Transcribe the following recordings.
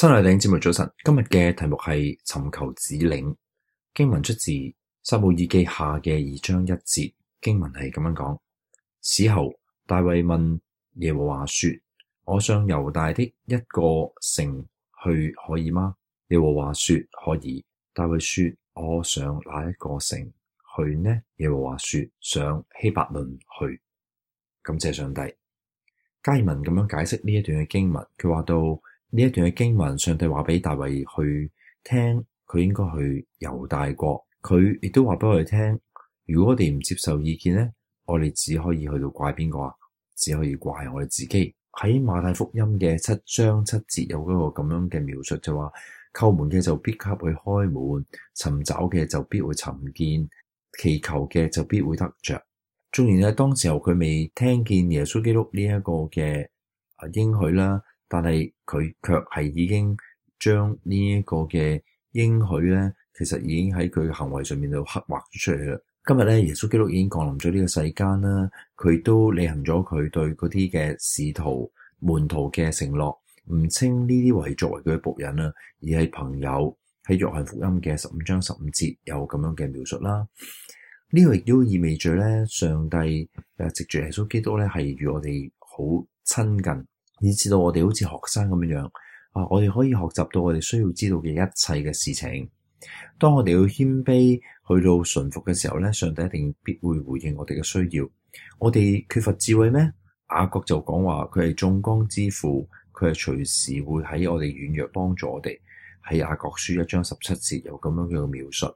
新內頂節目早晨，今日嘅題目係尋求指領。經文出自撒母耳記下嘅二章一節，經文係咁樣講：此後大衛問耶和華說：我上猶大的一個城去可以嗎？耶和華說可以。大衛說：我上哪一個城去呢？耶和華說：上希伯倫去。感謝上帝。加爾文咁樣解釋呢一段嘅經文，佢話到。呢一段嘅經文，上帝話俾大衛去聽，佢應該去猶大國。佢亦都話俾我哋聽，如果我哋唔接受意見呢，我哋只可以去到怪邊個啊？只可以怪我哋自己。喺馬太福音嘅七章七節有嗰個咁樣嘅描述，就話叩門嘅就必給去開門，尋找嘅就必會尋見，祈求嘅就必會得着。縱然咧當時候佢未聽見耶穌基督呢一個嘅啊應許啦。但係佢卻係已經將呢一個嘅應許咧，其實已經喺佢嘅行為上面度刻畫咗出嚟啦。今日咧，耶穌基督已經降臨咗呢個世間啦，佢都履行咗佢對嗰啲嘅使徒門徒嘅承諾。唔稱呢啲為作為佢嘅僕人啊，而係朋友，喺約翰福音嘅十五章十五節有咁樣嘅描述啦。呢個亦都意味住咧，上帝誒，藉住耶穌基督咧係與我哋好親近。以至到我哋好似學生咁樣啊，我哋可以學習到我哋需要知道嘅一切嘅事情。當我哋要謙卑去到順服嘅時候咧，上帝一定必會回應我哋嘅需要。我哋缺乏智慧咩？雅各就講話佢係眾光之父，佢係隨時會喺我哋軟弱幫助我哋。喺雅各書一章十七節有咁樣嘅描述。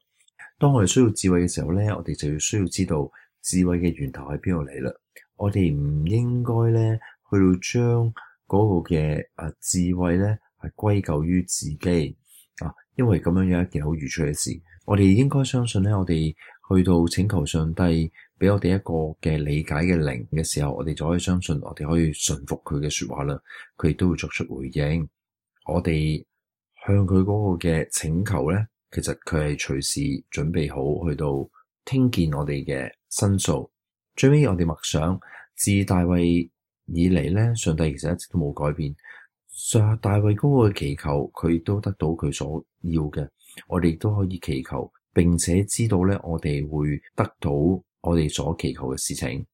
當我哋需要智慧嘅時候咧，我哋就要需要知道智慧嘅源頭喺邊度嚟啦。我哋唔應該咧去到將。嗰個嘅誒智慧呢係歸咎於自己啊，因為咁樣有一件好愚蠢嘅事。我哋應該相信呢，我哋去到請求上帝俾我哋一個嘅理解嘅靈嘅時候，我哋就可以相信我哋可以順服佢嘅説話啦。佢亦都會作出回應。我哋向佢嗰個嘅請求呢，其實佢係隨時準備好去到聽見我哋嘅申訴。最尾我哋默想，自大衛。以嚟咧，上帝其實一直都冇改變。上大衛嗰個祈求，佢都得到佢所要嘅。我哋亦都可以祈求，並且知道咧，我哋會得到我哋所祈求嘅事情。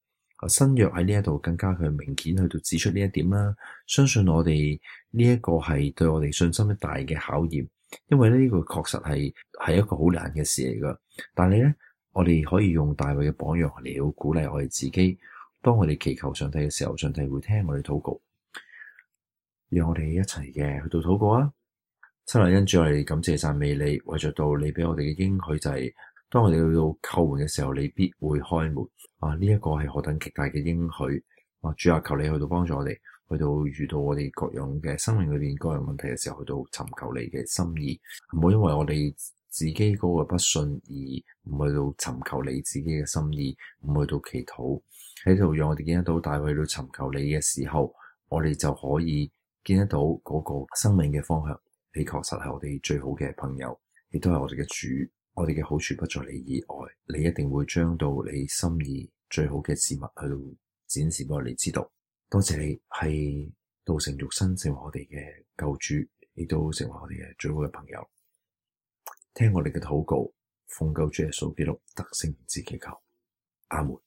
新約喺呢一度更加去明顯去到指出呢一點啦。相信我哋呢一個係對我哋信心一大嘅考驗，因為呢，這個確實係係一個好難嘅事嚟噶。但係咧，我哋可以用大衛嘅榜樣嚟到鼓勵我哋自己。當我哋祈求上帝嘅時候，上帝會聽我哋禱告，讓我哋一齊嘅去到禱告啊。親愛恩主，我哋感謝讚美你，為著到你俾我哋嘅應許就係、是，當我哋去到叩門嘅時候，你必會開門啊。呢、這、一個係何等極大嘅應許啊！主啊，求你去到幫助我哋，去到遇到我哋各樣嘅生命裏邊各樣問題嘅時候，去到尋求你嘅心意，唔好因為我哋自己嗰個不信而唔去到尋求你自己嘅心意，唔去到祈禱。喺度讓我哋見得到大衛去尋求你嘅時候，我哋就可以見得到嗰個生命嘅方向。你確實係我哋最好嘅朋友，亦都係我哋嘅主。我哋嘅好處不在你以外，你一定會將到你心意最好嘅事物去到展示俾我哋知道。多謝你係道成肉身成為我哋嘅救主，亦都成為我哋嘅最好嘅朋友。聽我哋嘅禱告，奉救主耶穌基督得勝之祈求。阿門。